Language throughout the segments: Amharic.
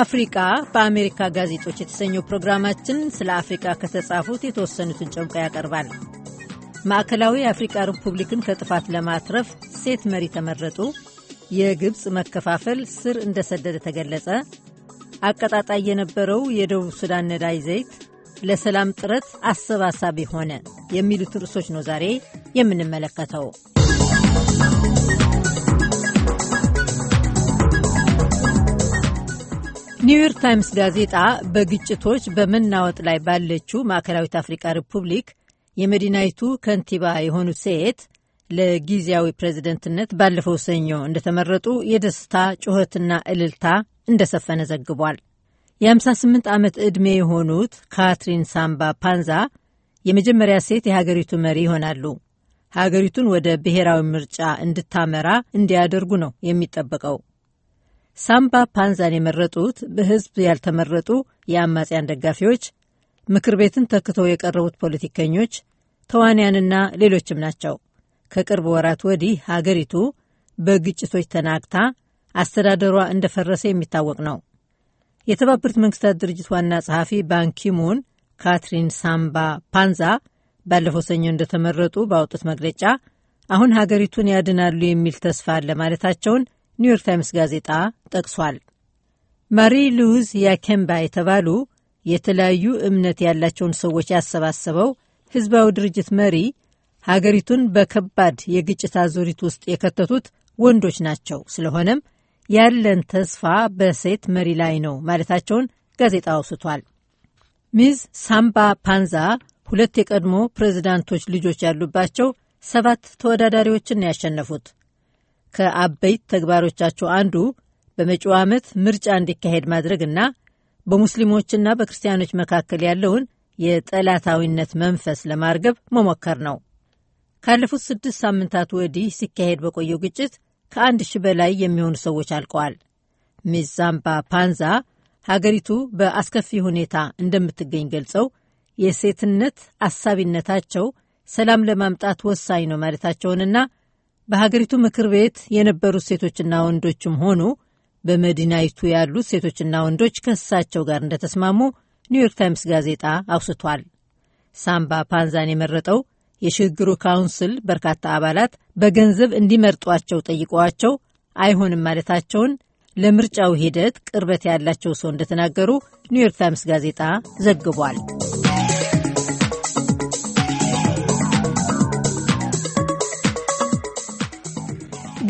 አፍሪካ በአሜሪካ ጋዜጦች የተሰኘው ፕሮግራማችን ስለ አፍሪካ ከተጻፉት የተወሰኑትን ጨምቆ ያቀርባል። ማዕከላዊ የአፍሪቃ ሪፑብሊክን ከጥፋት ለማትረፍ ሴት መሪ ተመረጡ፣ የግብፅ መከፋፈል ስር እንደሰደደ ተገለጸ፣ አቀጣጣይ የነበረው የደቡብ ሱዳን ነዳጅ ዘይት ለሰላም ጥረት አሰባሳቢ ሆነ የሚሉት ርዕሶች ነው ዛሬ የምንመለከተው። ኒውዮርክ ታይምስ ጋዜጣ በግጭቶች በመናወጥ ላይ ባለችው ማዕከላዊት አፍሪካ ሪፑብሊክ የመዲናይቱ ከንቲባ የሆኑት ሴት ለጊዜያዊ ፕሬዝደንትነት ባለፈው ሰኞ እንደተመረጡ የደስታ ጩኸትና እልልታ እንደሰፈነ ዘግቧል። የ58 ዓመት ዕድሜ የሆኑት ካትሪን ሳምባ ፓንዛ የመጀመሪያ ሴት የሀገሪቱ መሪ ይሆናሉ። ሀገሪቱን ወደ ብሔራዊ ምርጫ እንድታመራ እንዲያደርጉ ነው የሚጠበቀው። ሳምባ ፓንዛን የመረጡት በህዝብ ያልተመረጡ የአማጽያን ደጋፊዎች፣ ምክር ቤትን ተክተው የቀረቡት ፖለቲከኞች፣ ተዋንያንና ሌሎችም ናቸው። ከቅርብ ወራት ወዲህ ሀገሪቱ በግጭቶች ተናግታ አስተዳደሯ እንደፈረሰ የሚታወቅ ነው። የተባበሩት መንግስታት ድርጅት ዋና ጸሐፊ ባንኪሙን ካትሪን ሳምባ ፓንዛ ባለፈው ሰኞ እንደተመረጡ ባወጡት መግለጫ አሁን ሀገሪቱን ያድናሉ የሚል ተስፋ አለ ማለታቸውን ኒውዮርክ ታይምስ ጋዜጣ ጠቅሷል። ማሪ ሉዝ ያኬምባ የተባሉ የተለያዩ እምነት ያላቸውን ሰዎች ያሰባሰበው ህዝባዊ ድርጅት መሪ ሀገሪቱን በከባድ የግጭት አዙሪት ውስጥ የከተቱት ወንዶች ናቸው፣ ስለሆነም ያለን ተስፋ በሴት መሪ ላይ ነው ማለታቸውን ጋዜጣ አውስቷል። ሚዝ ሳምባ ፓንዛ ሁለት የቀድሞ ፕሬዚዳንቶች ልጆች ያሉባቸው ሰባት ተወዳዳሪዎችን ያሸነፉት ከአበይት ተግባሮቻቸው አንዱ በመጪው ዓመት ምርጫ እንዲካሄድ ማድረግና በሙስሊሞችና በክርስቲያኖች መካከል ያለውን የጠላታዊነት መንፈስ ለማርገብ መሞከር ነው። ካለፉት ስድስት ሳምንታት ወዲህ ሲካሄድ በቆየው ግጭት ከአንድ ሺህ በላይ የሚሆኑ ሰዎች አልቀዋል። ሚስ ዛምባ ፓንዛ ሀገሪቱ በአስከፊ ሁኔታ እንደምትገኝ ገልጸው የሴትነት አሳቢነታቸው ሰላም ለማምጣት ወሳኝ ነው ማለታቸውንና በሀገሪቱ ምክር ቤት የነበሩት ሴቶችና ወንዶችም ሆኑ በመዲናይቱ ያሉት ሴቶችና ወንዶች ከእሳቸው ጋር እንደተስማሙ ኒውዮርክ ታይምስ ጋዜጣ አውስቷል። ሳምባ ፓንዛን የመረጠው የሽግግሩ ካውንስል በርካታ አባላት በገንዘብ እንዲመርጧቸው ጠይቀዋቸው አይሆንም ማለታቸውን ለምርጫው ሂደት ቅርበት ያላቸው ሰው እንደተናገሩ ኒውዮርክ ታይምስ ጋዜጣ ዘግቧል።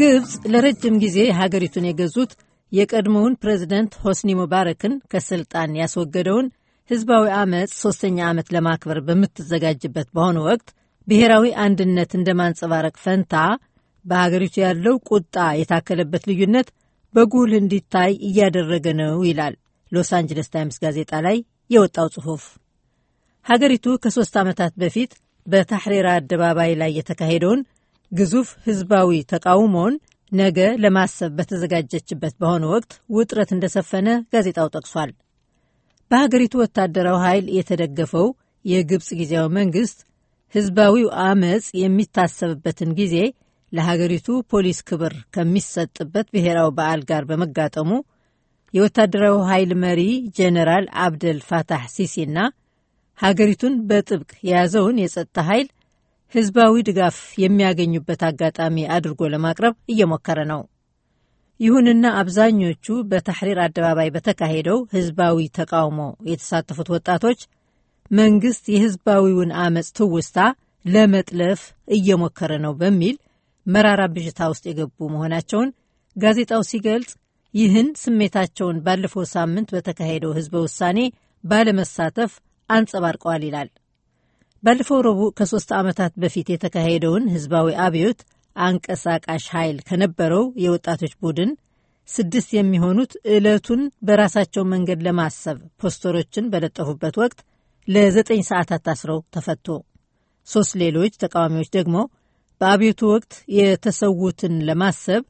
ግብፅ ለረጅም ጊዜ ሀገሪቱን የገዙት የቀድሞውን ፕሬዚደንት ሆስኒ ሙባረክን ከስልጣን ያስወገደውን ህዝባዊ ዓመፅ ሶስተኛ ዓመት ለማክበር በምትዘጋጅበት በአሁኑ ወቅት ብሔራዊ አንድነት እንደ ማንጸባረቅ ፈንታ በሀገሪቱ ያለው ቁጣ የታከለበት ልዩነት በጉልህ እንዲታይ እያደረገ ነው ይላል ሎስ አንጅለስ ታይምስ ጋዜጣ ላይ የወጣው ጽሑፍ። ሀገሪቱ ከሦስት ዓመታት በፊት በታሕሪር አደባባይ ላይ የተካሄደውን ግዙፍ ህዝባዊ ተቃውሞውን ነገ ለማሰብ በተዘጋጀችበት በሆነ ወቅት ውጥረት እንደሰፈነ ጋዜጣው ጠቅሷል። በሀገሪቱ ወታደራዊ ኃይል የተደገፈው የግብፅ ጊዜያዊ መንግስት ህዝባዊው አመፅ የሚታሰብበትን ጊዜ ለሀገሪቱ ፖሊስ ክብር ከሚሰጥበት ብሔራዊ በዓል ጋር በመጋጠሙ የወታደራዊ ኃይል መሪ ጄኔራል አብደል ፋታህ ሲሲና ሀገሪቱን በጥብቅ የያዘውን የጸጥታ ኃይል ህዝባዊ ድጋፍ የሚያገኙበት አጋጣሚ አድርጎ ለማቅረብ እየሞከረ ነው። ይሁንና አብዛኞቹ በታሕሪር አደባባይ በተካሄደው ህዝባዊ ተቃውሞ የተሳተፉት ወጣቶች መንግስት የህዝባዊውን አመፅ ትውስታ ለመጥለፍ እየሞከረ ነው በሚል መራራ ብዥታ ውስጥ የገቡ መሆናቸውን ጋዜጣው ሲገልጽ ይህን ስሜታቸውን ባለፈው ሳምንት በተካሄደው ህዝበ ውሳኔ ባለመሳተፍ አንጸባርቀዋል ይላል። ባለፈው ረቡዕ ከሶስት ዓመታት በፊት የተካሄደውን ህዝባዊ አብዮት አንቀሳቃሽ ኃይል ከነበረው የወጣቶች ቡድን ስድስት የሚሆኑት ዕለቱን በራሳቸው መንገድ ለማሰብ ፖስተሮችን በለጠፉበት ወቅት ለዘጠኝ ሰዓታት ታስረው ተፈቶ ሦስት ሌሎች ተቃዋሚዎች ደግሞ በአብዮቱ ወቅት የተሰዉትን ለማሰብ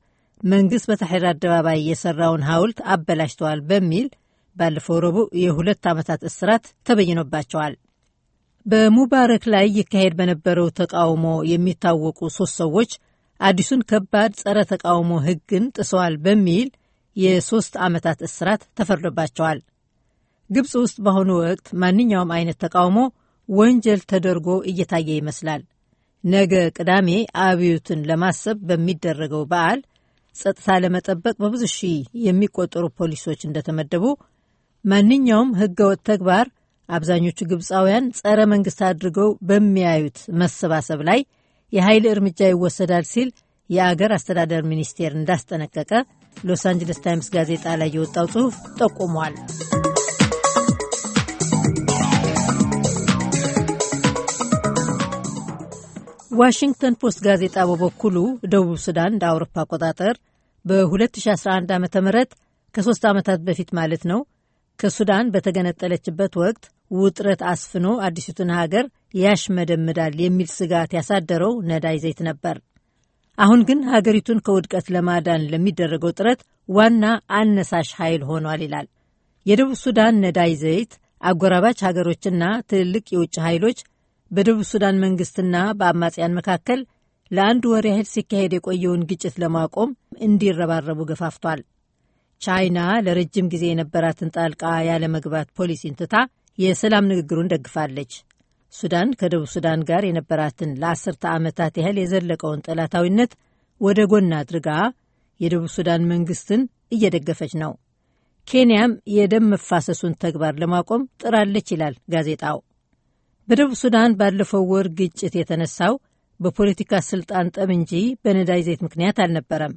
መንግሥት በታሕሪር አደባባይ የሠራውን ሐውልት አበላሽተዋል በሚል ባለፈው ረቡዕ የሁለት ዓመታት እስራት ተበይኖባቸዋል። በሙባረክ ላይ ይካሄድ በነበረው ተቃውሞ የሚታወቁ ሶስት ሰዎች አዲሱን ከባድ ጸረ ተቃውሞ ሕግን ጥሰዋል በሚል የሶስት ዓመታት እስራት ተፈርዶባቸዋል። ግብፅ ውስጥ በአሁኑ ወቅት ማንኛውም አይነት ተቃውሞ ወንጀል ተደርጎ እየታየ ይመስላል። ነገ ቅዳሜ አብዮትን ለማሰብ በሚደረገው በዓል ጸጥታ ለመጠበቅ በብዙ ሺህ የሚቆጠሩ ፖሊሶች እንደተመደቡ ማንኛውም ሕገወጥ ተግባር አብዛኞቹ ግብፃውያን ጸረ መንግስት አድርገው በሚያዩት መሰባሰብ ላይ የኃይል እርምጃ ይወሰዳል ሲል የአገር አስተዳደር ሚኒስቴር እንዳስጠነቀቀ ሎስ አንጅለስ ታይምስ ጋዜጣ ላይ የወጣው ጽሑፍ ጠቁሟል። ዋሽንግተን ፖስት ጋዜጣ በበኩሉ ደቡብ ሱዳን እንደ አውሮፓ አቆጣጠር በ2011 ዓ ም ከሶስት ዓመታት በፊት ማለት ነው ከሱዳን በተገነጠለችበት ወቅት ውጥረት አስፍኖ አዲሲቱን ሀገር ያሽመደምዳል የሚል ስጋት ያሳደረው ነዳጅ ዘይት ነበር። አሁን ግን ሀገሪቱን ከውድቀት ለማዳን ለሚደረገው ጥረት ዋና አነሳሽ ኃይል ሆኗል ይላል። የደቡብ ሱዳን ነዳጅ ዘይት አጎራባች ሀገሮችና ትልልቅ የውጭ ኃይሎች በደቡብ ሱዳን መንግስትና በአማጽያን መካከል ለአንድ ወር ያህል ሲካሄድ የቆየውን ግጭት ለማቆም እንዲረባረቡ ገፋፍቷል። ቻይና ለረጅም ጊዜ የነበራትን ጣልቃ ያለመግባት ፖሊሲን ትታ የሰላም ንግግሩን ደግፋለች። ሱዳን ከደቡብ ሱዳን ጋር የነበራትን ለአስርተ ዓመታት ያህል የዘለቀውን ጠላታዊነት ወደ ጎን አድርጋ የደቡብ ሱዳን መንግስትን እየደገፈች ነው። ኬንያም የደም መፋሰሱን ተግባር ለማቆም ጥራለች ይላል ጋዜጣው። በደቡብ ሱዳን ባለፈው ወር ግጭት የተነሳው በፖለቲካ ስልጣን ጠብ እንጂ በነዳጅ ዘይት ምክንያት አልነበረም።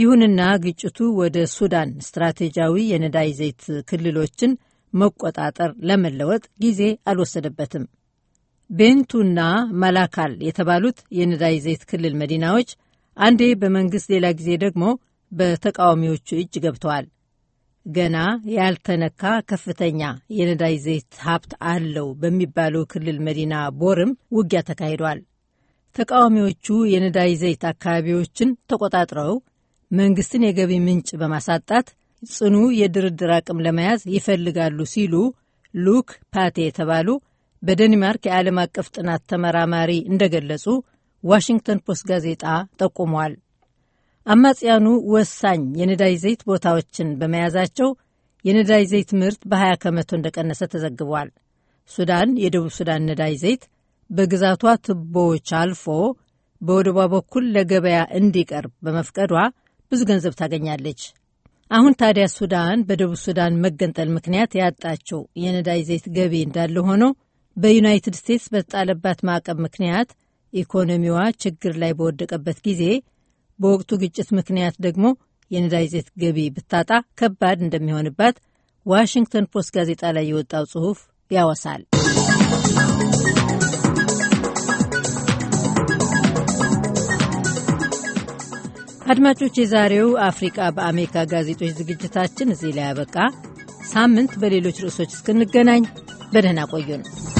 ይሁንና ግጭቱ ወደ ሱዳን ስትራቴጂያዊ የነዳጅ ዘይት ክልሎችን መቆጣጠር ለመለወጥ ጊዜ አልወሰደበትም። ቤንቱና ማላካል የተባሉት የነዳጅ ዘይት ክልል መዲናዎች አንዴ በመንግሥት ሌላ ጊዜ ደግሞ በተቃዋሚዎቹ እጅ ገብተዋል። ገና ያልተነካ ከፍተኛ የነዳጅ ዘይት ሀብት አለው በሚባለው ክልል መዲና ቦርም ውጊያ ተካሂዷል። ተቃዋሚዎቹ የነዳጅ ዘይት አካባቢዎችን ተቆጣጥረው መንግስትን የገቢ ምንጭ በማሳጣት ጽኑ የድርድር አቅም ለመያዝ ይፈልጋሉ ሲሉ ሉክ ፓቴ የተባሉ በደንማርክ የዓለም አቀፍ ጥናት ተመራማሪ እንደገለጹ ዋሽንግተን ፖስት ጋዜጣ ጠቁሟል። አማጽያኑ ወሳኝ የነዳጅ ዘይት ቦታዎችን በመያዛቸው የነዳጅ ዘይት ምርት በ20 ከመቶ እንደቀነሰ ተዘግቧል። ሱዳን የደቡብ ሱዳን ነዳጅ ዘይት በግዛቷ ቱቦዎች አልፎ በወደቧ በኩል ለገበያ እንዲቀርብ በመፍቀዷ ብዙ ገንዘብ ታገኛለች። አሁን ታዲያ ሱዳን በደቡብ ሱዳን መገንጠል ምክንያት ያጣችው የነዳጅ ዘይት ገቢ እንዳለ ሆኖ በዩናይትድ ስቴትስ በተጣለባት ማዕቀብ ምክንያት ኢኮኖሚዋ ችግር ላይ በወደቀበት ጊዜ በወቅቱ ግጭት ምክንያት ደግሞ የነዳጅ ዘይት ገቢ ብታጣ ከባድ እንደሚሆንባት ዋሽንግተን ፖስት ጋዜጣ ላይ የወጣው ጽሑፍ ያወሳል። አድማጮች፣ የዛሬው አፍሪቃ በአሜሪካ ጋዜጦች ዝግጅታችን እዚህ ላይ ያበቃ። ሳምንት በሌሎች ርዕሶች እስክንገናኝ በደህና ቆዩ ነው።